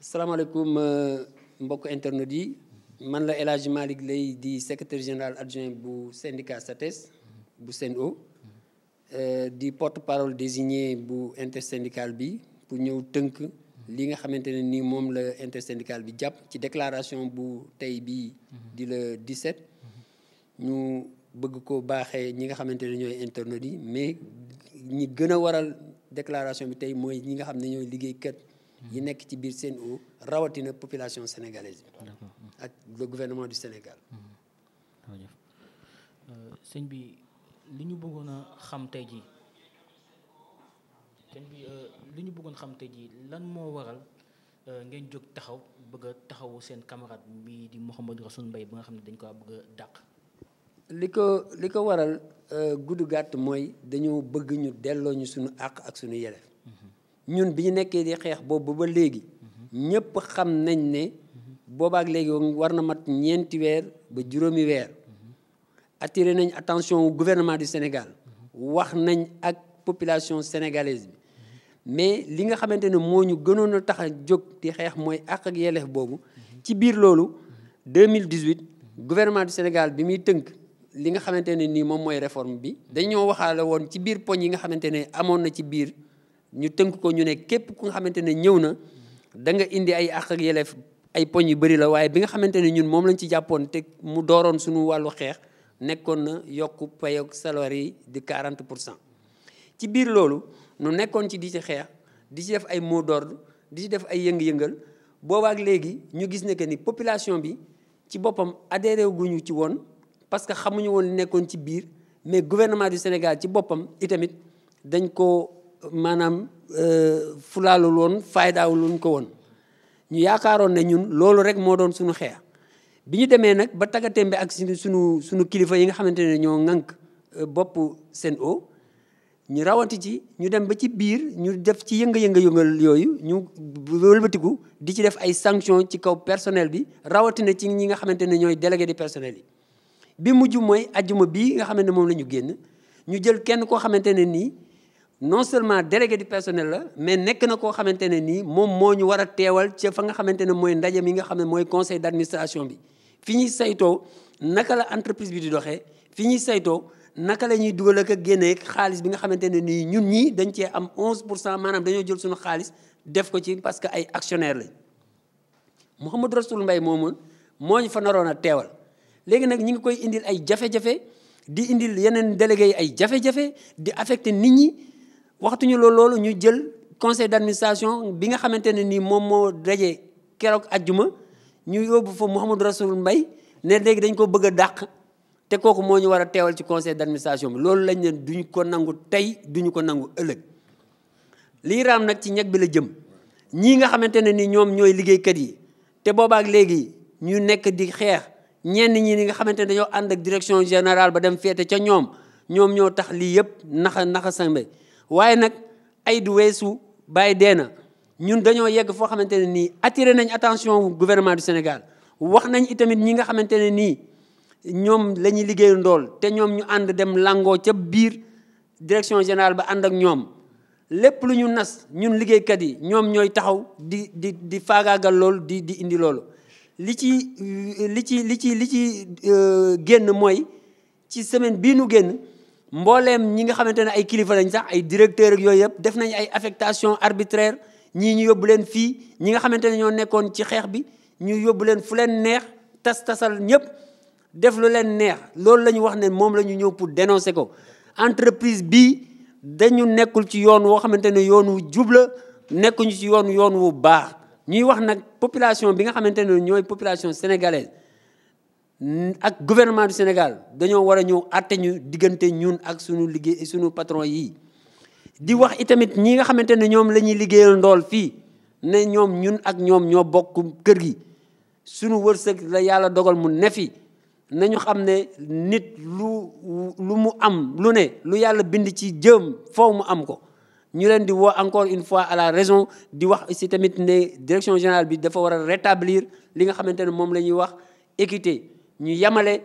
salaamaaleykum euh, mbokk internet yi man la El Hadj Malick Lay di secrétaire général adjoint bu syndicat SATES bu seen SEN'EAU euh, di porte parole désigné bu intersyndical bi pour ñëw tënk li nga xamante ne ni moom la intersyndical bi jàpp ci déclaration bu tey bii di le 17 ñu bëgg ko baaxee ñi nga xamante ne ñooy internet yi mais ñi gën a waral déclaration bi tey mooy ñi nga xam ne ñooy liggéeykat yi nekk ci biir Sen'Eau rawatina population sénégalaise bi ak le gouvernement mm-hmm. euh, bi li bëggoon a xam tey jii sëñ bi euh, li ñu bëggoon xam tey jii lan moo waral euh, ngeen jóg taxaw bëgg taxawu seen camarade bii di Mouhamadou Rassoul Mbaye ba nga xam ne dañ ko bëgg a dàq li ko li ko waral gudd gàtt mooy dañoo bëgg ñu delloo ñu suñu àq ak suñu yelef ñun bi ñu nekkee di xeex boobu ba ba léegi ñëpp xam nañ ne boobaak léegi war na mat ñeenti weer ba juróomi weer attiré nañ attention au gouvernement du Sénégal wax nañ ak population sénégalaise bi mais li nga xamante ne moo ñu gënoon a tax a jóg di xeex mooy àq ak boobu ci biir loolu 2018 gouvernement du Sénégal bi muy tënk li nga xamante ne nii moom mooy réforme bi dañoo waxaale woon ci biir poñ yi nga xamante ne amoon na ci biir ñu tënk ko ñu ne képp ku nga xamante ne ñëw na da nga indi ay àq ak ay poñ yu bëri la waaye bi nga xamante ne ñun moom lañ ci jàppoon te mu dooroon suñu wàllu xeex nekkoon na yokk payoog salaire yi di 40 pour cent ci biir loolu nu nekkoon ci di ci xeex di ci def ay mot d'ordre di ci def ay yëng-yëngal boobaak léegi ñu gis ne que ni population bi ci boppam adhéré guñu ci woon parce que xamuñu woon nekkoon ci biir mais gouvernement du Sénégal ci boppam itamit dañ ko maanaam euh, fulaalul loon faydaawul woon ko woon ñu yaakaaroon ne ñun loolu rek moo doon suñu xeex bi ñu demee nag ba bi ak suñu suñu suñu kilifa yi nga xamante ne ñoo ŋànk euh, bopp seen o ñu rawati ci ñu dem ba ci biir ñu def ci yënga-yënga yooyu ñu wëlbatiku di ci def ay sanction ci kaw personnel bi rawatina ci ñi nga xamante ne ñooy délégué di personnel yi bi mujj mooy ajjuma bii nga xamante moom lañu génn ñu jël kenn koo xamante nii non seulement délégué du personnel la mais nekk na koo xamante ne nii moom moo ñu war a teewal ca fa nga xamante ne mooy ndaje mi nga xam ne mooy conseil d'administration bi fi ñuy saytoo naka la entreprise bi di doxee fi ñuy saytoo naka la ñuy dugal ak a génnee xaalis bi nga xamante ne nii ñun ñii dañ cee am onze pour cent maanaam dañoo jël suñu xaalis def ko ci parce que ay actionnaire lañ Mouhamadou Rassoul mbay moomu moo ñu fa naroon a teewal léegi nag ñu ngi koy indil ay jafe di indil yeneen délégué yi ay jafe di affecté nit ñi. waxtuñu la loolu ñu jël conseil d'administration bi nga xamante ne nii moom moo daje keroog ajjuma ñu yóbbu fa Mouhamadou Rassoul mbay ne léegi dañ ko bëgg a dàq te kooku moo ñu war a teewal ci conseil d'administration bi loolu lañ ne duñu ko nangu tey duñu ko nangu ëllëg lii raam nag ci ñeg bi la jëm ñii nga xamante ne ni ñoom ñooy liggéeykat yi te boobaak léegi ñu nekk di xeex ñenn ñii ni nga xamante ne dañoo ànd ak direction général ba dem féete ca ñoom ñoom ñoo tax lii yëpp naxa naxa sambe waaye nag ay du weesu bàyyi dee na ñun dañoo yegg foo xamante ne nii attiré nañ attention gouvernement du Sénégal wax nañ itamit ñi nga xamante ne nii ñoom lañuy ñuy ndool te ñoom ñu ànd dem langoo ca biir direction général ba ànd ak ñoom lépp lu ñu nas ñun liggéeykat yi ñoom ñooy taxaw di di di faagaagal lool di di indi loolu li ci li ci li ci li ci euh, génn mooy ci semaine bii nu génn mbooleem ñi nga xamante ne ay kilifa lañ sax ay directeur ak yooyu yëpp def nañ ay affectation arbitraire ñii ñu yóbbu leen fii ñi nga xamante ne ñoo nekkoon ci xeex bi ñu yóbbu leen fu leen neex tas tasal ñëpp def lu leen neex loolu la ñu wax ne moom la ñu ñëw pour dénoncer ko entreprise bi dañu nekkul ci yoon woo xamante ne yoon wu jub nekkuñu ci yoon yoon wu baax ñuy wax nag population bi nga xamante ne ñooy population sénégalaise ak gouvernement du Sénégal dañoo war a ñëw àtte ñu diggante ñun ak suñu liggéey suñu patron yii di wax itamit ñi nga xamante ne ñoom la ñuy liggéeyal ndool fii ne ñoom ñun ak ñoom ñoo bokk kër gi suñu wërsëg la yàlla dogal mu ne fi nañu xam ne nit lu lu mu am lu ne lu yàlla bind ci jëm foo mu am ko ñu leen di wax encore une fois à la raison di wax si tamit ne direction générale bi dafa war a rétablir li nga xamante ne moom la ñuy wax équité ñu yamale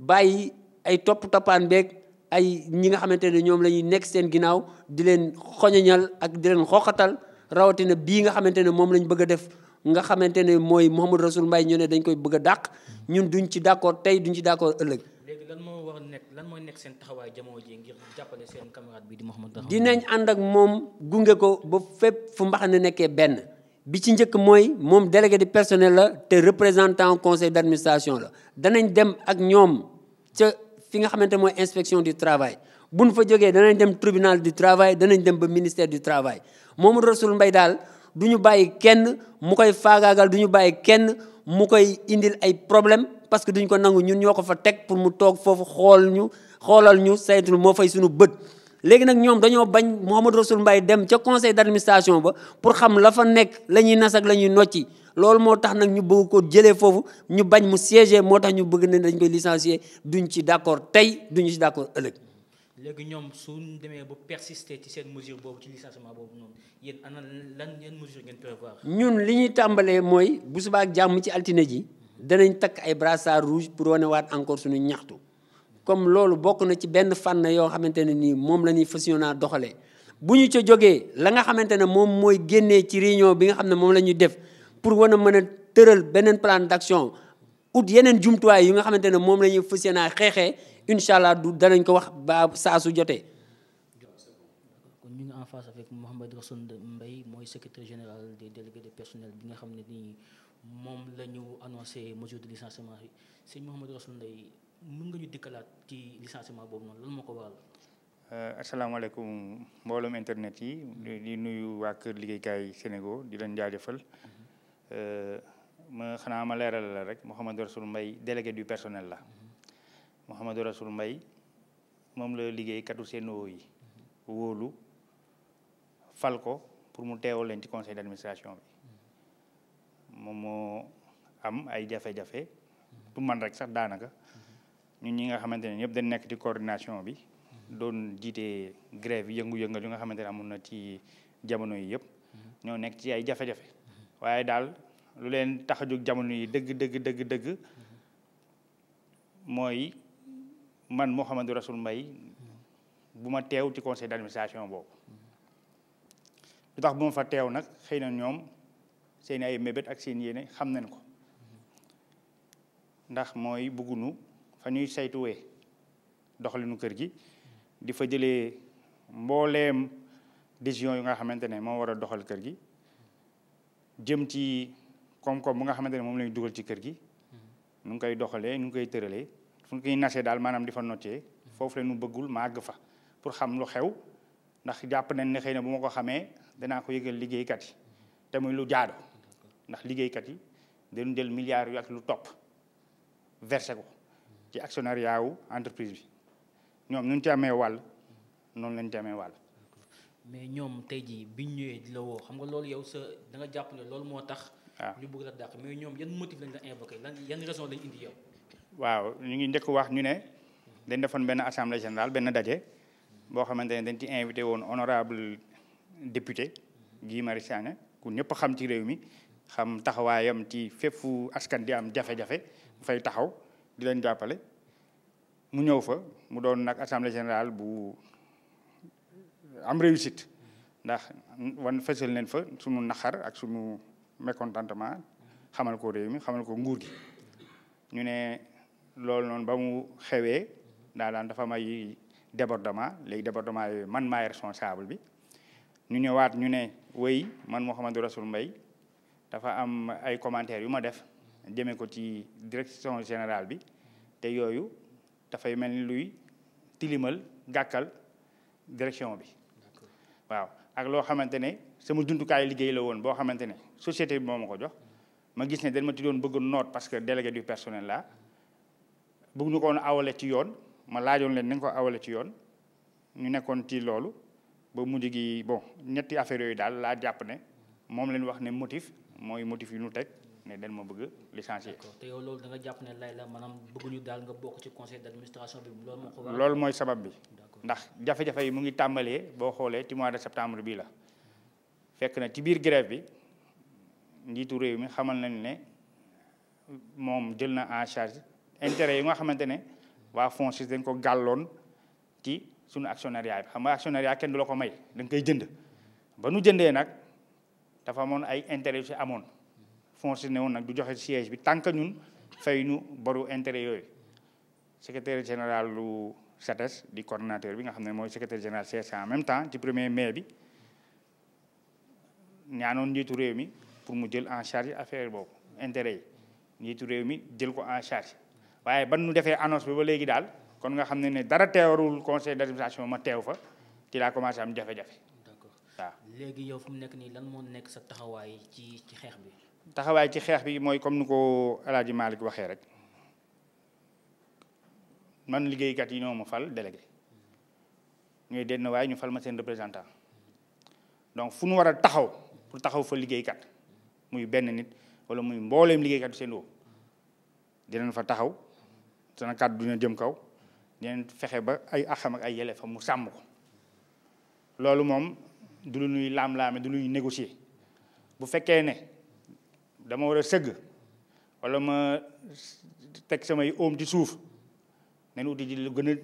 bàyyi ay topp toppaan beeg ay ñi nga xamante ne ñoom la ñuy nekk seen ginnaaw di leen xoñoñal ak di leen xoxatal rawatina bii nga xamante ne moom lañ bëgg a def nga xamante ne mooy Mouhamadou Rasoul Mbaye ñu ne dañ koy bëgg dàq ñun duñ ci d'accord tey duñ ci d'accord ëllëg. léegi lan moo war a lan mooy nekk seen taxawaay jamono ji ngir jàppale seen camarade bi di Mouhamadou. dinañ ànd ak moom gunge ko ba fépp fu mbaxane nekkee benn. bi ci njëkk mooy moom délégué de personnel la te représentant conseil d'administration la danañ dem ak ñoom ca fi nga xamante mooy inspection du bu buñ fa jógee danañ dem tribunal du travail danañ dem ba ministère du travail Mamadou Rassoul mbay daal du ñu bàyyi kenn mu koy faagaagal du ñu bàyyi kenn mu koy indil ay problème parce que duñ ko nangu ñun ñoo ko fa teg pour mu toog foofu xool ñu xoolal ñu saytu moo fay sunu bët léegi nag ñoom dañoo bañ Mouhamadou Rassoul mbay dem ca conseil d'administration ba pour xam la fa nekk la ñuy nas la ñuy nocci loolu moo tax nag ñu bëgg ko jëlee foofu ñu bañ mu siégé moo tax ñu bëgg ne dañ koy licencier duñ ci d'accord tey duñu ci d'accord ëllëg. léegi ñoom suñ demee ba persister ci seen mesure ci licenciement boobu noonu yéen ana lan yan mesure ngeen prévoir. ñun li ñuy tàmbalee mooy bu subaa ak jàmm ci altine ji danañ takk ay brassard rouge pour wane waat encore suñu ñaxtu. comme loolu bokk na ci benn fànn yoo xamante ne nii moom la ñuy fasionaa doxalee bu ñu ca jógee la nga xamante ne moom mooy génnee ci réunion bi nga xam ne moom la ñuy def pour war a mën a tëral beneen plan ut yeneen jumtuwaay yi nga xamante ne moom la ñuy fasionaa xeexee incha allah du danañ ko wax ba saa su jotee. kon ñu ngi en face avec Mouhamed Rassoul Mbaye mooy secrétaire général des délégués de bi nga xam ne nii moom la ñu annoncé mesure de yi sëñ Mouhamed Rassoul Mbaye mën nga ñu dikkalaat ci licenciement boobu noonu lan ma ko waral. Euh, asalaamaaleykum mbooloom internet yi di nuyu waa kër liggéeykaay Sénégal di leen jaajëfal mhm. euh, ma xanaa ma leeral la rek Mouhamadou Rassoul mbay délégué du personnel la mhm. Mouhamadou Rassoul mbay moom la liggéey katu Sen'Eau yi mhm. wóolu fal ko pour mu teewal leen ci conseil d'administration bi moom moo am ay jafe-jafe du man rek sax daanaka ñu ñi nga xamante ne ñëpp dañ nekk ci coordination bi doon jiite grève yëngu-yëngal yu nga xamante ne amoon na ci jamono yi yëpp ñoo nekk ci ay jafe-jafe waaye daal lu leen tax jamono yi dëgg dëgg dëgg dëgg mooy man Mouhamadou Rassoul mbay bu ma teew ci conseil d'administration boobu lu tax bu ma fa teew nag xëy na ñoom seen ay mébét ak seen yéene xam nañ ko ndax mooy bëggunu fa ñuy saytuwee doxalinu kër gi di fa jëlee mbooleem décision yu nga xamante ne moo war a doxal kër gi jëm ci koom bu nga xamante ne moom la dugal ci kër gi nu ngi koy doxalee nu ngi koy tëralee fu ñu koy nasee daal maanaam di fa noccee foofu la ñu bëggul ma fa pour xam lu xew ndax jàpp nañ ne xëy na bu ma ko xamee danaa ko yëgal liggéeykat yi te muy lu jaado ndax liggéeykat yi dañu jël milliards yu ak lu topp versé ko ci actionnariat wu entreprise bi ñoom nu ñu ci amee wàll noonu lañ ci amee wàll. mais ñoom tey jii biñ ñëwee di la woo xam nga loolu yow sa da jàpp ne loolu moo tax. waaw ah. ñu bugg la dàq mais ñoom yan motif lañ la invoqué lan yan raison lañ indi yow. waaw ñu ngi njëkk wax ñu ne dañ defoon benn assemblée générale benn daje boo xamante ne dañ ci invité woon honorable député Guy Marius Sagna ku ñëpp xam ci réew mi xam taxawaayam ci fépp askan di am jafe-jafe fay taxaw. di leen jàppale mu ñëw fa mu doon nag assemblée générale bu am réussite ndax wan fësal neen fa suñu naxar ak suñu mécontentement xamal ko réew mi xamal ko nguur gi ñu ne loolu noonu ba mu xewee daa daan dafa may débordement léegi débordement yooyu man maay responsable bi ñu ñëwaat ñu ne wéy man Mouhamadou Rassoul Mbaye dafa am ay commentaires yu ma def jëmee ko ci direction général bi te yooyu dafay mel ni luy tilimal gàkkal direction bi waaw ak loo xamante ne sama jumtukaayu liggéey la woon boo xamante ne société bi moo ma ko jox ma gis ne dañ ma ci doon bëgg noot parce que délégué du personnel la bëgg ñu ko awale ci yoon ma laajoon leen nañ ko awale ci yoon ñu nekkoon ci loolu ba mujj gi bon ñetti affaire yooyu daal laa jàpp ne moom leen wax ne motif mooy motif yu ñu teg ne den ma bëgg licencier. d'accord te loolu da nga jàpp ne daal nga bokk ci conseil d'administration bi loolu loolu mooy sabab bi. ndax jafe-jafe yi mu ngi tàmbalee boo xoolee ci mois de septembre bii la fekk na ci biir grève bi njiitu réew mi xamal nañ ne moom jël na en charge intérêt yu nga xamante ne waa FONSIS dañ ko gàlloon ci suñu actionnariat bi xam nga actionnariat kenn du la ko may dañ koy jënd ba nu jëndee nag dafa amoon ay intérêt yu si amoon. fonctionné woon nag du joxe siège bi tant que ñun fay ñu boru intérêt yooyu secretaire général lu SATES di coordonnateur bi nga xam ne mooy secrétaire général CSA en même temps ci premier mai bi ñaanoon njiitu réew mi pour mu jël en charge affaire boobu intérêt yi njiitu réew mi jël ko en charge waaye ban nu defee annonce bi ba léegi daal kon nga xam ne ne dara teewarul conseil d'administration ma teew fa ci laa commencé am jafe-jafe. d'accord léegi yow fu mu nekk nii lan moo nekk sa taxawaay ci ci xeex bi. taxawaay ci xeex bi mooy comme ni ko El Hadj Malick waxee rek man liggéeykat yi ñoo ma fal délégué ñooy denn waaye ñu fal ma seen représentant donc fu nu war a taxaw pour taxaw fa liggéeykat muy benn nit wala muy mbooleem liggéeykat seen woo dinañ fa taxaw sana kàddu dina jëm kaw dinañ fexe ba ay axam ay ay am mu sàmm ko loolu moom du lu ñuy laam-laame du lu ñuy bu fekkee ne. dama war a sëgg wala ma teg samay oom ci suuf nañ uti ji lu gën a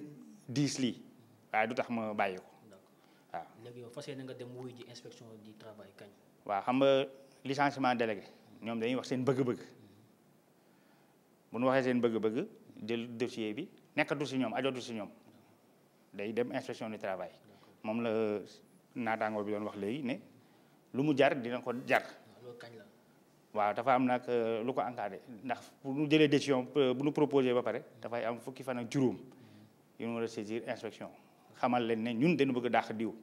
diis lii waaye du tax ma bàyyi ko waaw. léegi yow fas yéene nga dem wuy ji inspection du travail kañ. waaw xam nga licenciement délégué ñoom dañuy wax seen bëgg-bëgg hmm. bu ñu waxee seen bëgg-bëgg jël dossier bi nekkatu si ñoom ajootu si ñoom day dem inspection du travail moom la naataangoo bi doon wax léegi ne lu mu jar dina ko jar. loolu waaw dafa am nag euh, lu ko encadré ndax bu ñu jëlee décision euh, bu ñu proposé ba pare dafay am fukki fan ak juróom yu ñu war a saisir inspection xamal leen ne ñun dañu bëgg dàq diw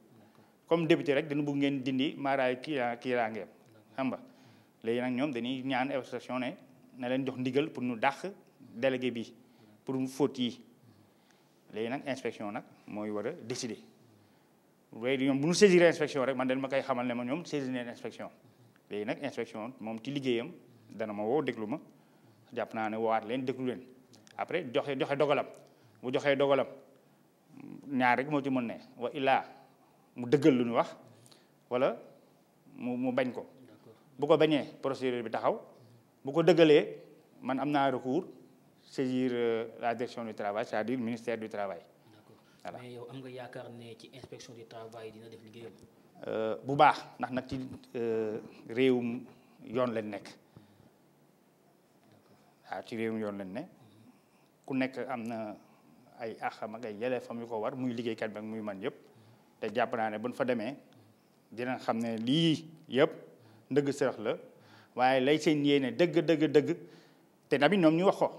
comme député rek dañu bëgg ngeen dindi maaraay kii kiiraangeem xam nga léegi nag ñoom dañuy ñaan inspection ne na leen jox ndigal pour ñu dàq délégué bi pour mu faute yi léegi nag inspection nag mooy war a décider léegi ñoom bu ñu saisir inspection rek man dañ ma koy xamal ne ma ñoom saisir neen léegi nag inspection moom ci liggéeyam dana ma woo déglu ma jàpp naa ne woowaat leen déglu leen après joxe joxe dogalam bu joxee dogalam ñaar rek moo ci mën ne wa illaa mu dëggal lu ñu wax wala mu mu bañ ko bu ko bañee procédure bi taxaw bu ko dëggalee man am naa recours saisir euh, la direction du travail cest dire ministère du travail. d'accord yow am nga yaakaar ne ci inspection du travail dina def liggéeyam. Euh, bu baax ndax nag ci euh, réewum yoon lañ nekk waaw ci réewum yoon lañ ne ku nekk am na ay axam ak ay yelleefam yu ko war muy liggéeykat bi ak muy man yépp te jàpp naa ne buñ fa demee dina xam ne lii yëpp ndëgg sërëx la waaye lay seen yéene dëgg dëgg dëgg te tamit ñoom ñu wax ko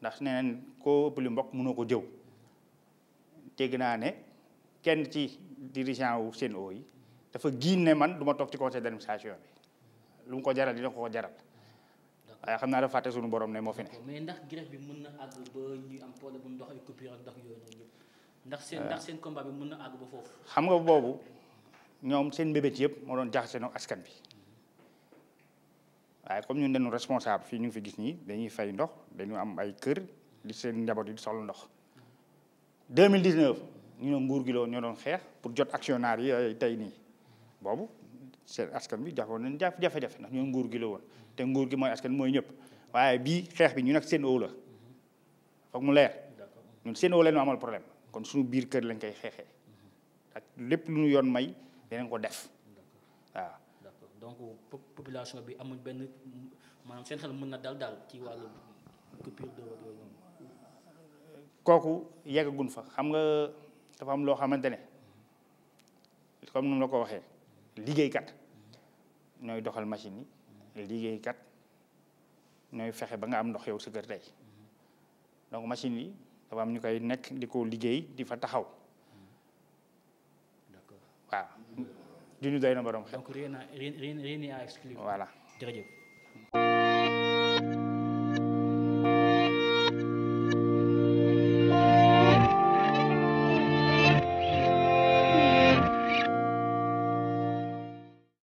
ndax nee nañ koo ëpp li mbokk mënoo ko jëw dégg naa ne kenn ci dirigeant wu seen yi dafa giin ne man duma toog ci conseil d'administration bi lu ko jaral dina ko ko jaral waaye xam naa dafa fàtte suñu borom ne moo fi ne. mais ndax grève bi mën na àgg ba ndox ay coupure ak ndox yooyu noonu ndax seen euh. seen combat bi mën na àgg ba foofu. xam nga boobu ñoom seen mbébét yëpp moo doon jaxase nag askan bi waaye comme ñun dañu responsable fii ñu ngi fi gis nii dañuy fay ndox dañu am ay kër di seen njaboot yi di soxla ndox. 2019 ñu ne nguur gi la ñoo doon xeex pour jot actionnaire tey nii. boobu seen askan bi jafoon nañ jafe-jafe ndax ñoom nguur gi la woon te nguur gi mooy askan mooy ñëpp waaye bii xeex bi ñu nag seen oo la foog mu leer ñun seen oo la amal problème kon suñu biir kër lañ koy xeexee ak lépp lu ñu yoon may dinañ ko def waaw. d'accord donc population bi amuñ benn maanaam seen mën na dal daal ci wàllu coupure fa xam nga dafa am loo xamante ne comme ni ma la ko waxee. liggéeykat ñooy doxal machine yi liggéeykat ñooy fexe ba nga am ndox yow sa kër tey donc machine yi dafa ñu koy nekk di ko liggéey di fa taxaw waaw du ñu na borom xel. donc rien à